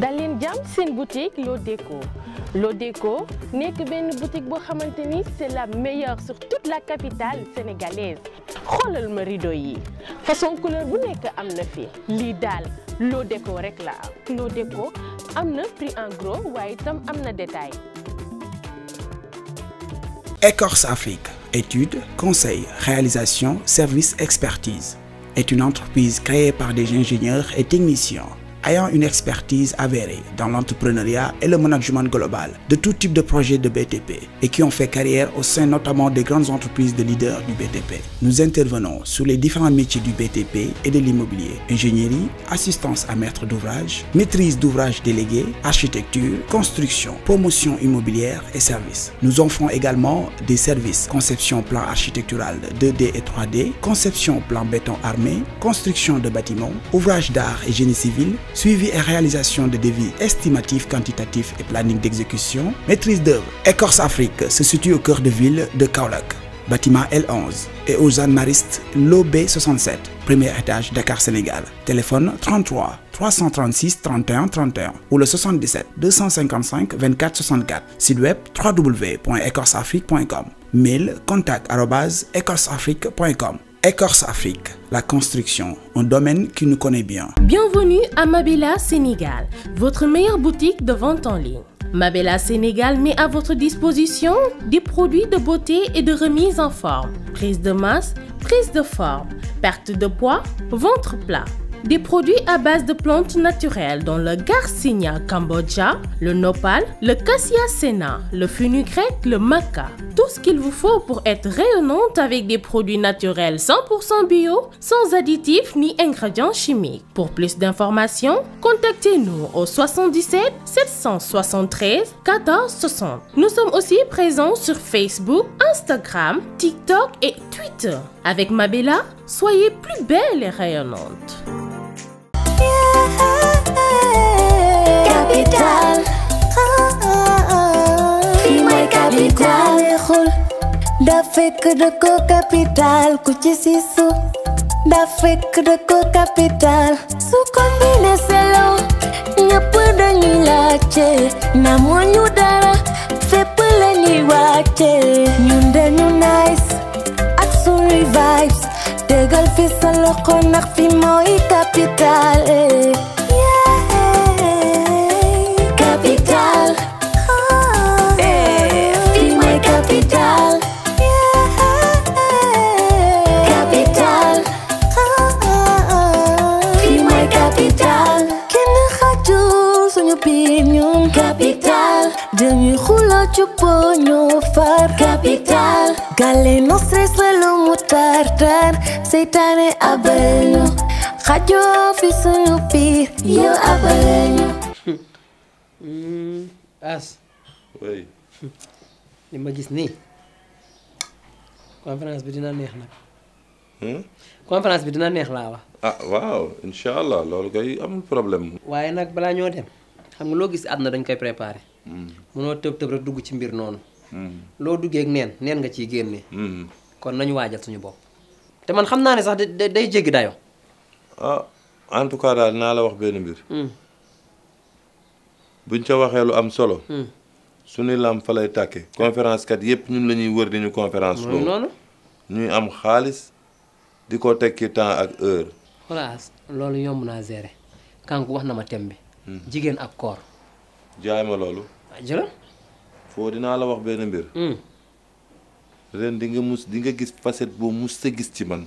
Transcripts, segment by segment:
Dans Jam, c'est une boutique Lo Déco Lo Déco nek ben boutique bo xamanteni c'est la meilleure sur toute la capitale sénégalaise xolal ma rideau yi façon couleur bu nek amna fi Lo Déco rek la Lo Déco prix en gros waye un détail. Ecorse Afrique études conseils réalisation service expertise est une entreprise créée par des ingénieurs et techniciens ayant une expertise avérée dans l'entrepreneuriat et le management global de tout type de projets de BTP et qui ont fait carrière au sein notamment des grandes entreprises de leaders du BTP. Nous intervenons sur les différents métiers du BTP et de l'immobilier, ingénierie, assistance à maître d'ouvrage, maîtrise d'ouvrage délégué, architecture, construction, promotion immobilière et services. Nous offrons également des services conception plan architectural 2D et 3D, conception plan béton armé, construction de bâtiments, ouvrage d'art et génie civil, suivi et réalisation de devis estimatifs, quantitatifs et planning d'exécution. Maîtrise d'œuvre. Écorce Afrique se situe au cœur de ville de Kaulak. bâtiment L11 et aux maristes l'OB 67, premier étage Dakar Sénégal. Téléphone 33 336 31 31 ou le 77 255 24 64. Site web www.ecorsafrique.com. Mail contact@ecorsafrique.com. Écorce Afrique, la construction, un domaine qui nous connaît bien. Bienvenue à Mabella Sénégal, votre meilleure boutique de vente en ligne. Mabella Sénégal met à votre disposition des produits de beauté et de remise en forme, prise de masse, prise de forme, perte de poids, ventre plat des produits à base de plantes naturelles dont le Garcinia cambodja, le nopal, le cassia sena, le fenugrec, le maca. Tout ce qu'il vous faut pour être rayonnante avec des produits naturels 100% bio, sans additifs ni ingrédients chimiques. Pour plus d'informations, contactez-nous au 77 773 14 60. Nous sommes aussi présents sur Facebook, Instagram, TikTok et Twitter. Avec Mabella, soyez plus belle et rayonnante. capital xul da fekk dëkk ku ci siisu da fekk dëkk capital su kombine selo ñëpp dañuy laajte na mooñu dara fépp lañuy wàcce ñun dañu nice ak suñuy vibes tegal fi sa loxo ndax fi mooy capital eh. ciò voglio far capital Che le suelo mutar tan Sei tane a bello Raggio sono pir Io a bello mm, As Oui Ni ma gis ni Conference bi dina neex Hmm Conference bi dina neex la wa ah wow inshallah lolou gay amul problème Waye nak bala ñoo dem xam nga lo gis adna dañ koy préparer munoo tëb tëb rek dugg ci mbir noonu. Hmm. loo duggee ak neen neen nga ciy génne. Hmm. kon nañu waajal suñu bopp. te man xam naa ne sax day jéggi dayo ah en tout cas daal naa la wax benn mbir. Hmm. buñ ca waxee lu am solo. suñu lam fa lay tàkkee conférence kat yëpp ñun la ñuy wër di ñu conférence. loolu noonu ñuy am xaalis di ko tekki temps ak heure. xalaas loolu yomb naa gérer kànku wax na ma thème bi. jigéen ak koor. jaay ma loolu. Ah, jëlal. foo dinaa la wax benn mbir. Hmm. ren di nga mus di nga gis facette boo mus sa gis ci man.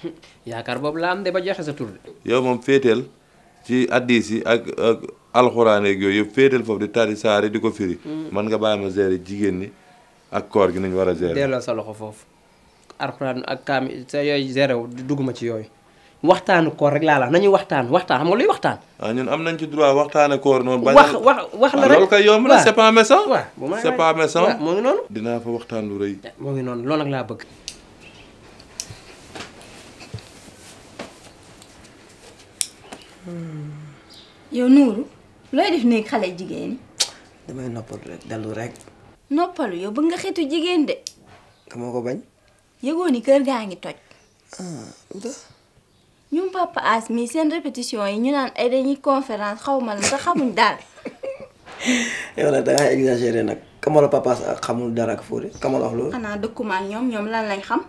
yaakaar boobu laa am de ba joxe sa tur de. yow moom féeteel ci addis yi ak ak alxuraan yeeg yooyu yëpp féeteel foofu di tari saari di ko firi. Hmm. man nga bàyyi ma gérer jigéen ñi ak koor gi nañu war a gérer. delloo sa loxo foofu. alxuraan ak kaam sa yooyu gérer wu dugguma ci yooyu. waxtaan koor rek la nañu waxtaan waxtaan waxtaan. waaw ah, ñun am nañ ci droit waxtaane koor noonu. wax wax wax la ah, rek loolu moo ngi noonu. dinaa fa waxtaan lu rëy. Eh, moo ngi noonu loolu nag laa bëgg. Hmm. yow Nuuru looy def nii xale jigéen damay noppalu rek dalu rek. noppalu yow bëgg nga xeetu jigéen de. ka ko bañ. yëgoo ni kër gaa ngi toj. Ah, ñun papa as mi seen répétition yi ñu naan ay dañuy conférence xaw ma la te xamuñ daal. yow nag da ngaa nag kamala papa as ak xamul dara ak fóore kamala wax loolu. xanaa dëkkuma ñoom ñoom lan lañ xam.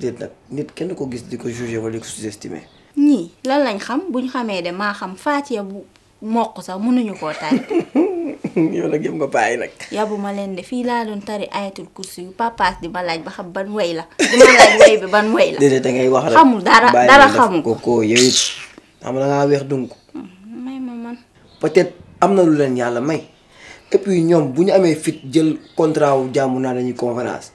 déedéet nag nit kenn ko gis di ko jugé wala di ko sous-estimé. ñii lan lañ xam buñ xamee de maa xam Fatia bu moq sax mënuñu koo taal. yow nag yëpp nga bàyyi nag. yabu ma leen de fii laa doon tari ayatul kursi yu papaas di ma laaj ba xam ban way la di ma laaj way bi ban way la. déedéet da ngay wax rek xamul dara dara xamul ko ko yow it xam mm-hmm, may ma man. peut-être am na lu leen yàlla may et yu ñoom bu ñu amee fit jël contrat wu jàmm naa dañuy conférence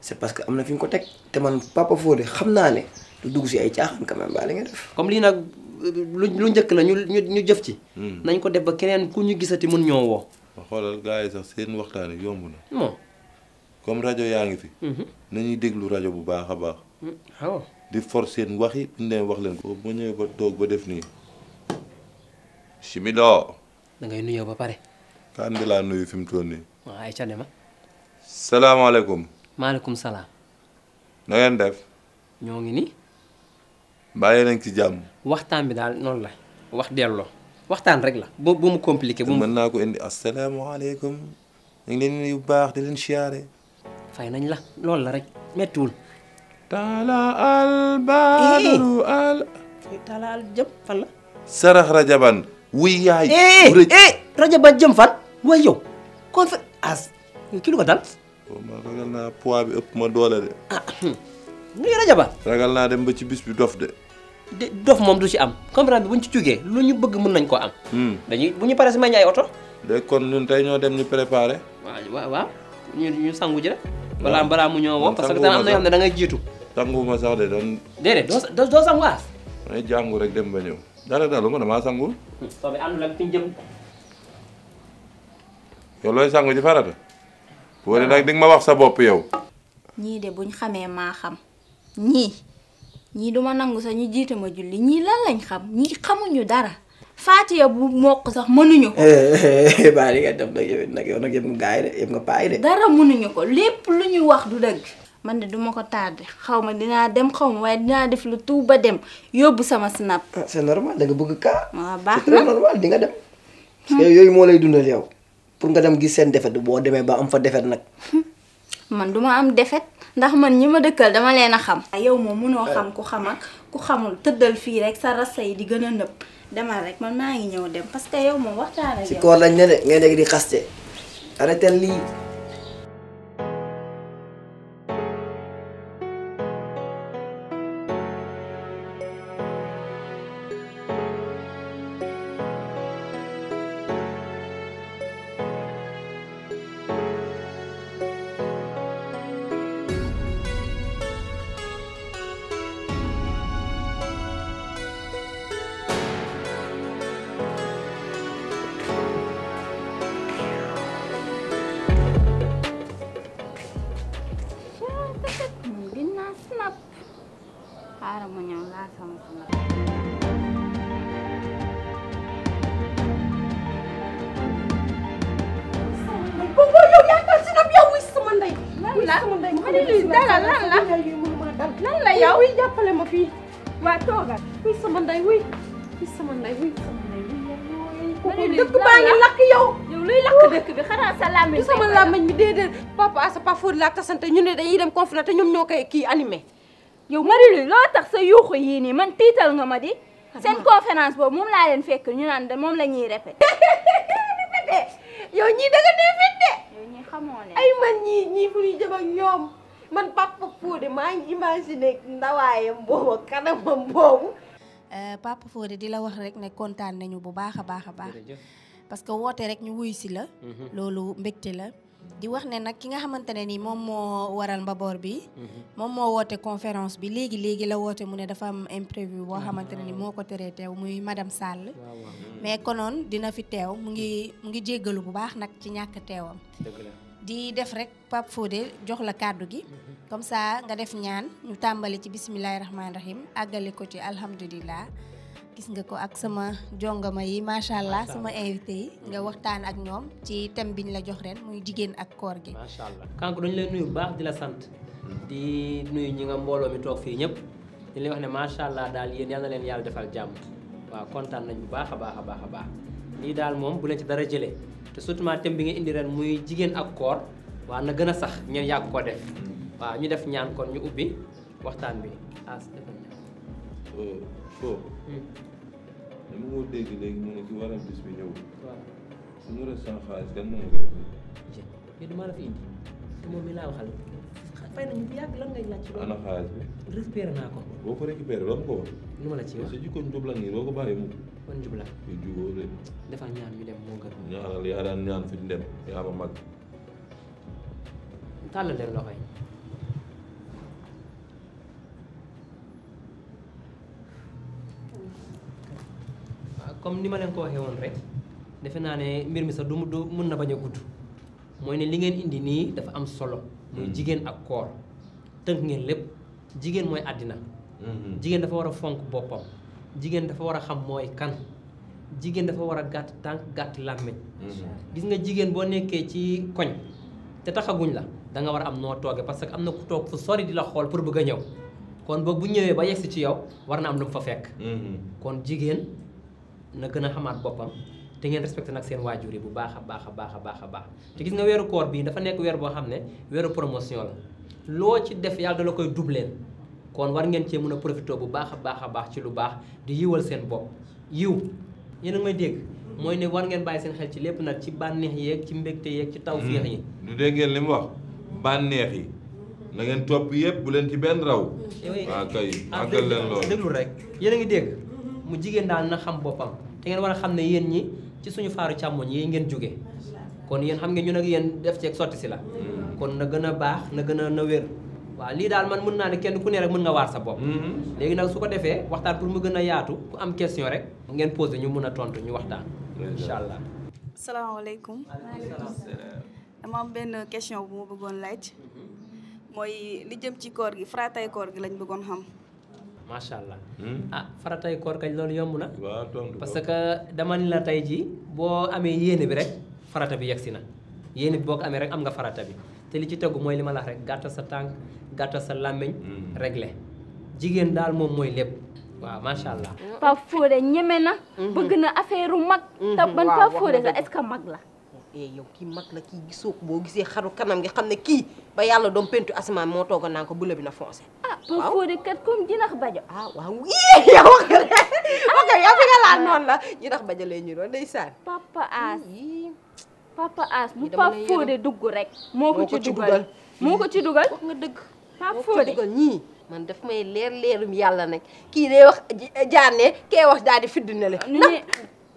c'est parce que am na fi ñu ko teg te man papa Fodé xam naa ne du dugg si ay caaxaan quand même baale def. lu ñëk njëkk la ñu ñu jëf ci. Hmm. nañ ko def ba keneen ku ñu gisati mën ñoo wo xolal gaay sax seen waxtaan yomb na. bon comme radio yaangi fi. Mhm. nañuy déglu radio bu baaxa baax. Hmm, waaw di for seen wax yi bu ñu leen wax leen ko. bu ñëw ba toog ba def ni Simido. da ngay nuyo ba pare. kan bi la nuyu fim mu toll nii. waaw ay ca dema. salaamaaleykum. maaleykum salaam. na ngeen def. ñoo ngi ni bàyyi nañ waxtaan bi daal noonu la wax delloo waxtaan rek la bu bu mu compliqué. bu mu mën naa ko indi asalaamaaleykum ñu ngi leen yu baax di leen siyaare. fay nañ la loolu la rek méttiwul. Tala al baalu eh, eh. al. Tala al jëm fan la. Sarax Rajaban. wuy yaay. Eh, bu Rajaban jëm fan. waaye yow as kii lu dal. waaw oh, man ragal naa poids bi ëpp ma doole nuyu rajo ba ragal dem ba ci bis bi dof de dof mom du ci am comprendre bi buñ ci jógee lu bëgg mën nañ am dañuy bu ñu paree si may de kon ñun ñoo dem ñu préparé wa wa ñu ñu sangu ji rek balaa balaa mu ñoo woo parce que am na yoo xam ne da ngay jiitu sanguma sax de doon déedéet doo doo sanguwaas may eh, jàngu rek dem ba ñëw dara dalu ma damaa sangu sobi àndul ak fi jëm yo loy sangu di farata bo le nak ding ma wax sa bop yow de buñ xamé ma xam ñii ñii duma nangu sax ñu jiite ma julli ñii lan lañ xam ñii xamuñu dara faatiya bu mokk sax mënuñu ko eh, baa li nga def nag yow nag yow nag yëpp nga gaay de yëpp ko lépp lu ñu wax du dëgg man de duma ko tardé xaw ma dinaa dem xaw ma waaye dinaa def lu tuub ba dem yóbbu sama snap ah, c'est normal da nga bëgg kaa waaw ah, baax na c'est di nga dem parce hmm? yooyu moo lay dundal yow pour nga dem gis seen defet boo demee ba am fa defet nag hmm? man duma am defet ndax man ñi ma dëkkal dama leen a xam. Ah, yow moom mënoo xam ku xam ak ku xamul tëddal fii rek sa rasa yi di gën a nëb demal rek man maa ngi ñëw dem parce que yow moom waxtaan ak yow. ci koor lañ ne de ngay nekk di xaste arrêté lii. lii lan la lan wuy jàppale ma fii waa toogal wuy sama ndey wuy wuy sama ndey wuy sama ndey wuy dëkk baa lakk dëkk bi xanaa sa làmmiñ bi sama làmmiñ bi déedéet papa sa pafoor laa tasante ñu ne dañuy dem confiné te ñoom ñoo koy kii animé yow Marie loo tax sa yuuxu yii nii man tiital nga ma di seen conférence boobu moom laa leen fekk ñu naan moom la ñuy répété yow ñii da dee fit de ay man ñii ñii fu ñuy jëm ak ñoom man Papa Fodé maa ngi imaginer ndawaayam boobu kanamam boobu. Euh, Papa Fodé di la wax rek ne kontaan nañu bu baax a baax a baax. parce que woote rek ñu wuy si la. Mhm. loolu mbégte la. di wax ne nag ki nga xamante ne ni moom moo waral mbaboor bi. Mhm. moom moo woote conférence bi léegi léegi la woote mu ne dafa am imprévu boo xamante ni moo ko teree teew muy madame Sall. mais konoon dina fi teew mu ngi mu ngi jéggalu bu baax nag ci ñàkk teewam. di def rek pap Fodé jox la cadeau gi comme ça nga def ñaan ñu tambalé ci bismillahirrahmanirrahim agalé rahim ko ci alhamdoulillah gis nga ko ak sama jongama yi machallah sama invité yi nga waxtaan ak ñom ci thème biñ la jox ren muy jigen ak koor gi. machallah kank duñ lay nuyu baax di la sant di nuyu ñi nga mbolo mi tok fi ñep di lay wax ne machallah dal yeen yalla leen yalla defal jamm wa kontaan nañ bu baaxa baaxa baaxa baax ni dal mom bu leen ci dara jëlé te surtout thème bi nga indi ren muy jigéen ak koor waaw na gën a sax ngeen yàgg ko def waa ñu def ñaan kon ñu ubbi waxtaan bi as defal ñaan foo ko dégg léegi bis bi ñëw su ma restant xaalis kan moom koy indi te moom mi laa waxal fay nañu bu yàgg lan ngay laaj ci loolu naa ko boo ko récupéré doon ko wax nu la ci wax sa jikko njub nii doo ko bàyyi mu man jub la ñu juboo ñaan ñu dem moo gën ñaanal yaa daan ñaan fi dem ya ma mag tàllal leen loxo yi comme ni ma leen ko waxee woon rek defe naa ne mbir mi sax du du mun na bañ a gudd mooy ne li ngeen indi nii dafa am solo muy hmm. jigéen ak koor tënk ngeen lépp jigéen mooy àddina hmm, hmm. jigéen dafa war a fonk boppam jigéen dafa war a xam mooy kan jigéen dafa war a gàtt tànk gàtt làmmiñ mm-hmm. gis nga jigéen boo nekkee ci koñ te taxaguñ la da war a am noo tooge parce que am na ku toog fu sori di la xool pour bëgg a ñëw kon ba bu ñëwee ba yegsi ci yow war na am lu mu fa fekk mm-hmm. kon jigéen na gën a xamaat boppam te ngeen respecté nag seen waajur yi bu baax a baax a baax a baax a baax te gis nga weeru koor bii dafa nekk weer boo xam ne weeru promotion la loo ci def yàlla la koy dubleel kon war ngeen cee mun a profité bu baax a baax a baax ci lu baax di yiwal seen bopp yiw yéen a may dégg mooy ne war ngeen bàyyi seen xel ci lépp nag ci bànneex yeeg ci mbégte yeeg ci taw tawféex yi du hmm. dégg ngeen li mu wax bànneex yi na ngeen topp yëpp bu leen ci benn raw waaw kay ah, àggal leen rek yéen a ngi dégg mu jigéen daal na xam boppam te ngeen war a xam ne yéen ñi ci suñu faaru càmmoñ yi ngeen jóge kon yéen xam ngeen ñu nag yéen def ceeg sotti si la hmm. kon na gën a baax na gën a na waa lii daal man mën naa ne kenn ku ne rek mën nga waar sa bopp mm-hmm. léegi nag su ko defee waxtaan pour mu gën a yaatu ku am question rek ngeen posé ñu mun a tontu ñu waxtaan incha allah salaamaaleykum dama benn question bu ma bëggoon laaj mm-hmm. mooy li jëm ci koor gi faratay koor gi lañ bëggoon xam macha allah mm-hmm. ah, faratay koor kañ loolu yomb na parce que dama ni la tey ji boo amee yéene bi rek farata bi yegsi na yéene bi boo ko amee rek am nga farata bi te li ci tegu mooy li ma rek gàttal sa tànk gàttal sa làmmiñ mm. réglé jigéen daal moom mooy lépp waaw macha allah. Pape Fodé ñeme na. Mm-hmm. bëgg na affaire mag. Mm-hmm. te ban Pape Fodé sax est-ce mag la. eh yow kii mag la kii gisoo boo gisee xaru kanam ngi xam ne kii ba yàlla doom pentu asamaan moo tooga naa ko bële bi na foncé. ah Pape kat comme jinax bajo. Ah, waaw yii yow wax nga ok yow fi nga laal noonu la jinax bajo papa as bu Pape Fodé dugg rek. moo ko ci dugal moo ko ci dugal wax nga dëgg. Pape Fodé dugal ñii. man daf may leer leerum yàlla nag kii day wax jaane kee wax daal di fidd na la.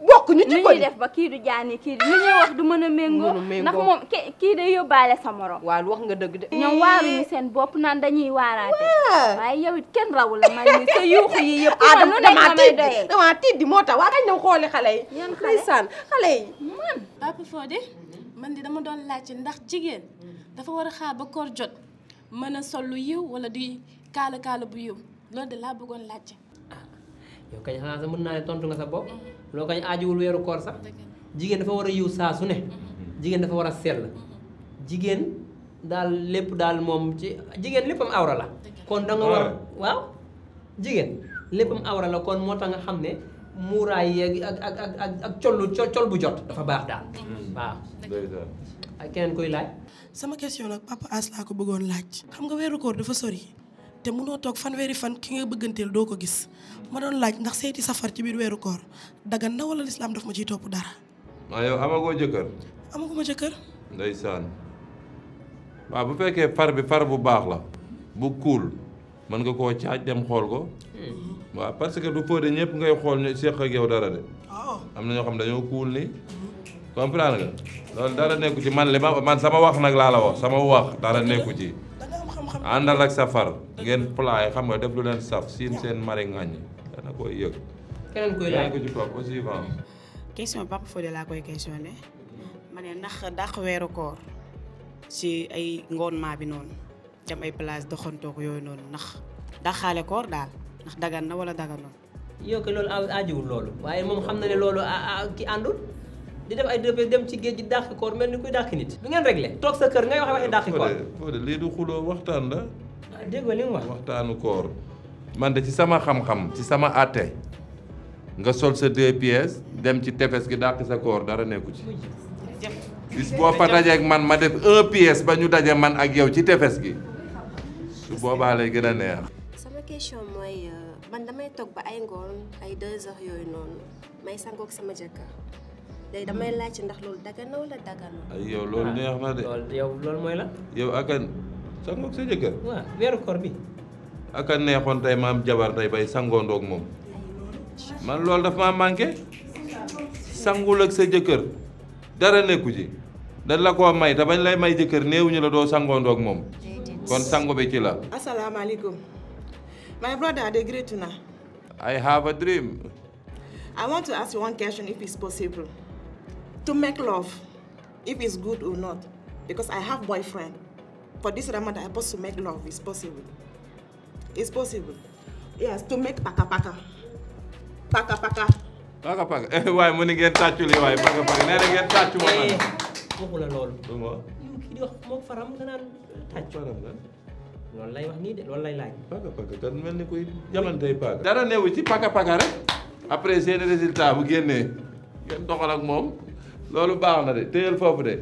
bokkuñu ci ko def ba kii du jaani kii du ñuy wax du mën a méngoo ndax moom kii day yóbbaale sa morom waaw wax nga dëgg de ñoom waaruñu seen bopp naan dañuy waaraate waaye yow it kenn rawu la man ni sa yuuxu yi yëpp ah dama tiit dama di moo tax waa dañ dem xooli xale yi yan xale saan man Papa Fodé man di dama doon laajte ndax jigéen dafa war a xaar ba koor jot mën a sol lu yiw wala di kaala kaala bu yiw loolu de laa bëggoon laajte yow kañ xanaa sax mën naa ne tontu nga sa bopp mhm. loo kañ aajuwul weeru koor sax jigéen dafa war a yiw saa su ne mhm. jigéen dafa war a sell mhm. jigéen daal lépp daal moom ci jigéen léppam awra la kon da nga war waaw jigéen awra la kon moo tax nga xam ne muuraay yeeg ak ak ak ak collu jot dafa baax daal mm. waaw ak keneen koy laaj sama question nag papa As laa ko bëggoon laaj xam nga weeru koor dafa sori te mënoo toog fanweeri fan ki nga bëggantel doo ko gis ma doon laaj ndax seeti safar ci biir weeru koor dagan na wala lislaam daf ma ciy topp dara. maa yow amagoo jëkkër. ma jëkkër. ndeysaan waaw bu fekkee far bi far bu baax la bu cool mën nga koo caaj dem xool ko. Hmm. waaw parce que du fóode ñëpp ngay xool ñu seq ak yow dara de. Oh. am na ñoo xam dañoo cool ni comprendre nga loolu dara nekku ci man li man sama wax nag laa la wax sama wax dara nekku ci. àndal ak safar ngeen plat xam nga def lu leen saf siin seen mari ŋàññ dana koy yëg. keneen koy laa koy questionné ma ne ndax dàq weeru koor ci ay ngoonement bi noonu dem ay place doxantoog yooyu noonu dax dàqaale koor daal ndax dagan na wala daganul. yow kay loolu aajowul loolu waaye moom xam na ne loolu ki àndul. di def ay dëpp dem ci geej ji dakh koor mel ni kuy dakh nit du ngeen régler tok sa keur ngay wax waxi dàq koor de li du xulo waxtan la déggoo li mu wax waxtanu koor man de ci sama xam-xam ci sama até nga sol sa deux pièces dem ci tefes gi dakh sa koor dara neeku ci bis bo fa ak man ma def eh, 1 pièce ba ñu man ak yow ci tefes gi su boba lay gëna neex sama question moy man damay tok ba ay ngor ay 2 heures yoy non may sangok sama jëkkër day damay laaj ndax loolu dagan na wala ay yow loolu neex na de yow la yow akan sangoog sa jëkkër waaw weeru koor bi akan neexoon tey maam jabar tey bay sangoondoog mom. man loolu daf maa manqué sangul ak sa jëkkër dara nekku ci dañ la koo may te bañ lay may jëkkër la kon sango bi ci la my brother de I have a dream. I want to ask you one question if it's possible. to make love, if it's good or not, because I have boyfriend. For this Ramadan, I'm supposed to make love. It's possible. It's possible. Yes, to make paka paka. Paka paka. Eh, waaye mu ni ngeen tàccu li waaye paka paka nee na ngeen tàccu moom faram lay wax nii de loolu lay laaj. paka paka kan mel ni koy jamantey paka. dara newu ci paka paka rek après seen résultat bu génnee ngeen doxal ak moom. lolu baax na de téyel fofu de.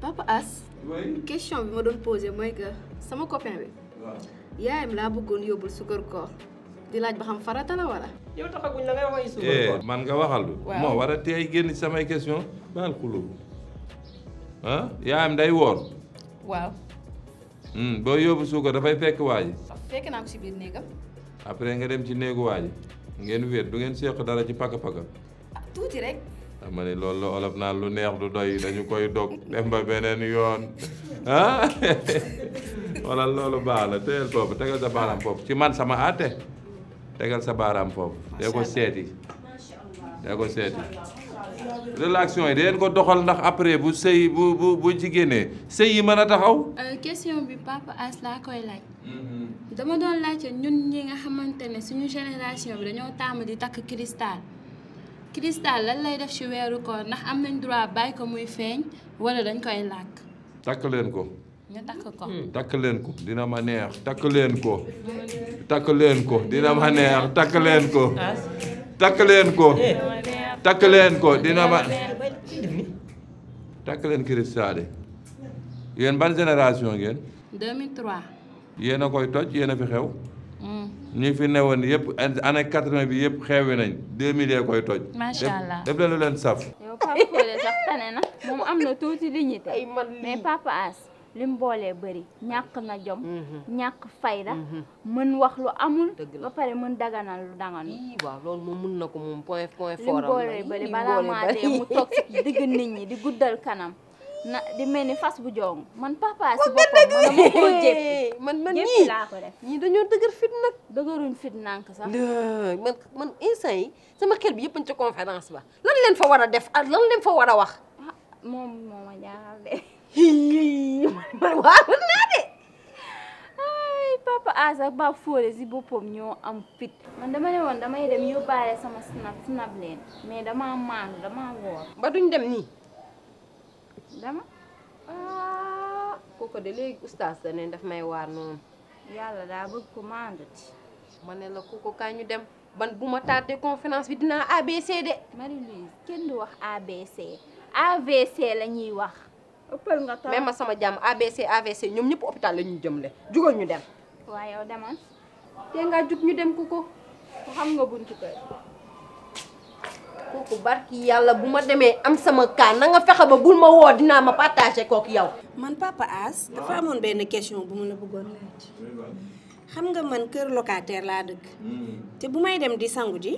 papa As. oui question bi ma doon poser moy que sama copain bi. waaw yaayam la bëggoon yobul sugar ko di laaj ba xam farata la wala. yow ya, taxaguñ la ngay wax ay ko eh man nga waxal. waaw moo war a tey génn sama question maal xulóobu ah yaayam day woor. waaw. yobul hmm, sugar da fay fekk waa fekk na ko ci bir néegam. après nga dem ci néegu waa ji ngeen wéet du ngeen seq dara ci paka paka. ah rek. dama ah, ne loolu la olof naan lu neex lu doy dañu koy dog dem ba beneen yoon ah wala loolu baax la teyel foofu tegal sa baaraam foofu ci man sama àtte tegal sa baaraam foofu dee ko seeti dee ko seeti relation yi dangeen ko doxal ndax après bu sëy bu bu bu ci sëy yi mën a taxaw. Euh, question bi papa As laa koy laaj. Mm-hmm. dama doon laajte ñun ñi nga xamante suñu génération bi dañoo tàmm di takk cristal. cristal lan lay def ci weeru koor ndax am nañ droit bàyyi ko muy feeñ wala dañ koy làkk. takk leen ko. Hmm, takk leen ko dina ma neex takk leen ko. takk leen ko dina ma neex takk leen ko. takk leen ko. takk leen ko dina ma. takk leen cristal yéen ban génération ngeen. 2003. yéen a koy toj yéen a fi xew. ñi fi newoon yëpp année quatre-vingt bi yëpp xeewi nañ deux mille koy toj. macha allah def leen lu leen saf. yow Papa Codé sax tane na moom am na tuuti dignité mais Papa As li mu boolee bëri ñàkk na jom. Mhm. ñàkk fayda. Mhm. mën wax lu amul. ba pare mën daganal lu danganu. loolu moom mën na ko moom point point fort am. li mu boolee bëri balaa maa dee digg nit ñi di guddal kanam. na di melni fas bu jong man papa si bopam man ma ko jéppi man man ni ni dañu deuguer fit nak dëgëruñ fit nank sax man man insay eh, sama xel bi yëppañ ci conférence ba lan leen fa wara def ak ah, lan leen fa wara wax mom moma ma de man waarul de ay papa Asa ba fóore si bopam ño am fit man dama ne won dama dem yóbbaale sama snap snap leen mais dama maanu dama wor ba duñ dem ni dama ah kooku de léegi ustaas da ne daf may waar noonu. yàlla daa bëgg ko maandati. ma ne la ko kaay ñu dem ban bu ma tardé conference bi dinaa ABC de. Marie-Louise kenn du wax ABC AVC la ñuy wax. ëppal nga taw même ma sama jàmm ABC AVC ñoom ñëpp hôpital la ñuy jëmle jugal ñu dem. waaw yow demoon. te nga jug ñu dem kooku xam nga buntu kër. kooku barki yàlla bu ma demee am sama kaan na nga fexe ba bul ma woo dinaa ma partagé kook yow. man papa As. dafa amoon benn question bu mu la bëggoon laaj. xam nga man kër locataire laa dëkk. te bu may dem di sangu ji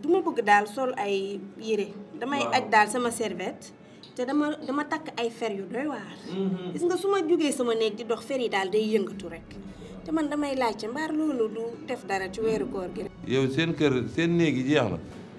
du ma bëgg daal sol ay yére. damay aj daal sama serviette. te dama dama takk ay fer yu doy waar. Mm-hmm. gis nga su ma jógee sama néeg di dox fer yi daal day yëngatu rek. te man damay laajte mbaar loolu du def dara ci weeru koor gi. yow seen kër seen néeg yi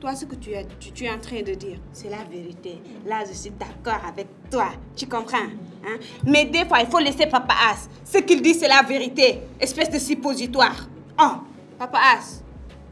Toi, ce que tu es, tu, es en train de dire, c'est la vérité. Là, je suis d'accord avec toi. Tu comprends hein? Mais des fois, il faut laisser Papa As. Ce qu'il dit, c'est la vérité. Espèce de suppositoire. Oh, Papa As,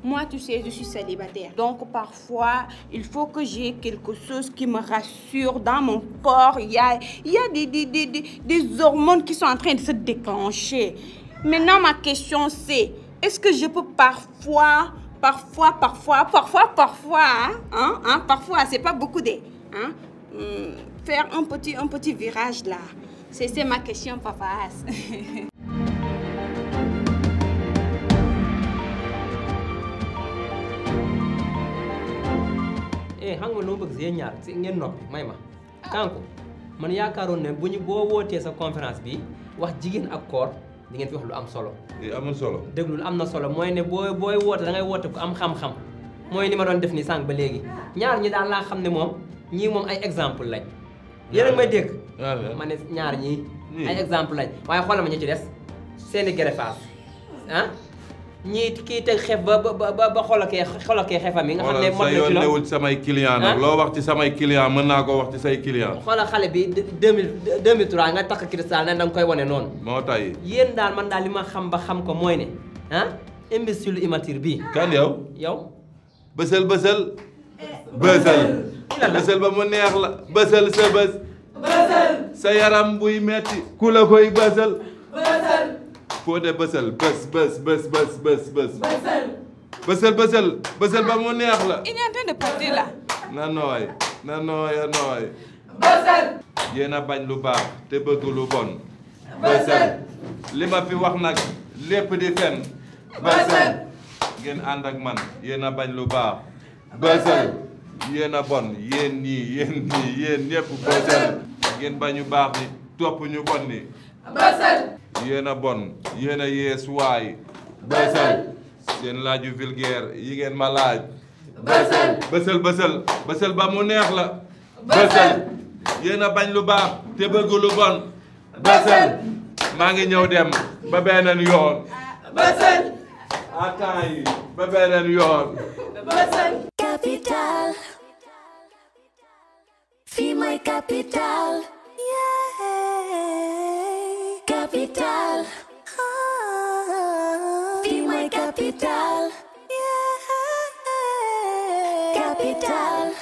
moi, tu sais, je suis célibataire. Donc, parfois, il faut que j'ai quelque chose qui me rassure dans mon corps. Il y a, il y a des, des, des, des hormones qui sont en train de se déclencher. Maintenant, ma question, c'est est-ce que je peux parfois Parfois, parfois, parfois, parfois, hein, hein, hein, parfois, c'est pas beaucoup de... Hein, hmm, faire un petit, un petit virage là. C'est ma question, papa. eh hango no bug zai nyar sai ngen no mai ma kanko man ya karo ne buñu bo wote sa conférence bi wax jigen accord di ngeen fi wax lu am solo amul solo. déglul am na solo mooy ne booy booy woote da ngay woote ku am xam-xam mooy ni ma doon def ni sànq ba léegi ñaar ñi daal laa xam ne moom ñii moom ay exemple lañ. yéen a ngi may dégg. ma ne ñaar ñii. ay exemple lañ waaye xoolal ma ñu ci des seeni gërëfaas ah. ñii kii teg xef ba ba ba ba xolakee xolakee xefam yi nga xam ne mot na ci loolu newul samay client nag loo wax ci samay client mën naa ko wax ci say client xoola xale bi 2000 2003 nga takk cristal ne da nga koy wane noonu moo tay yéen daal man daal li ma xam ba xam ko mooy ne ah imbécile immature bii kan yow yow bësal bësal bësal bësal ba mu neex la bësal sa bës bësal sa yaram buy metti ku la koy bësal bësal Fodé bësal bës bës bës bës ba mu neex la. il y a de parti là. na nooy na nooy a nooy. bësal. yéen bañ lu baax te bëgg lu bon. bësal. li ma fi wax nag lépp di fen. bësal. ngeen ànd ak man yéen bañ lu baax. bësal. yéen a bon yéen ñii yéen ñii yéen ñëpp bësal. ngeen bañu baax ni topp ñu bon ni. bësal. Yena bon Yena a yees waay bësal seen laaju vulgaire yi ngeen ma laaj bësal bësal bësal bësal ba mu neex la bësal yéen lu baax te bëgg lu bon bësal maa ngi ñëw dem ba beneen yoon bësal ataan yi ba beneen yoon bësal capital fi capital capital. Ah, be my capital. Yeah. Capital.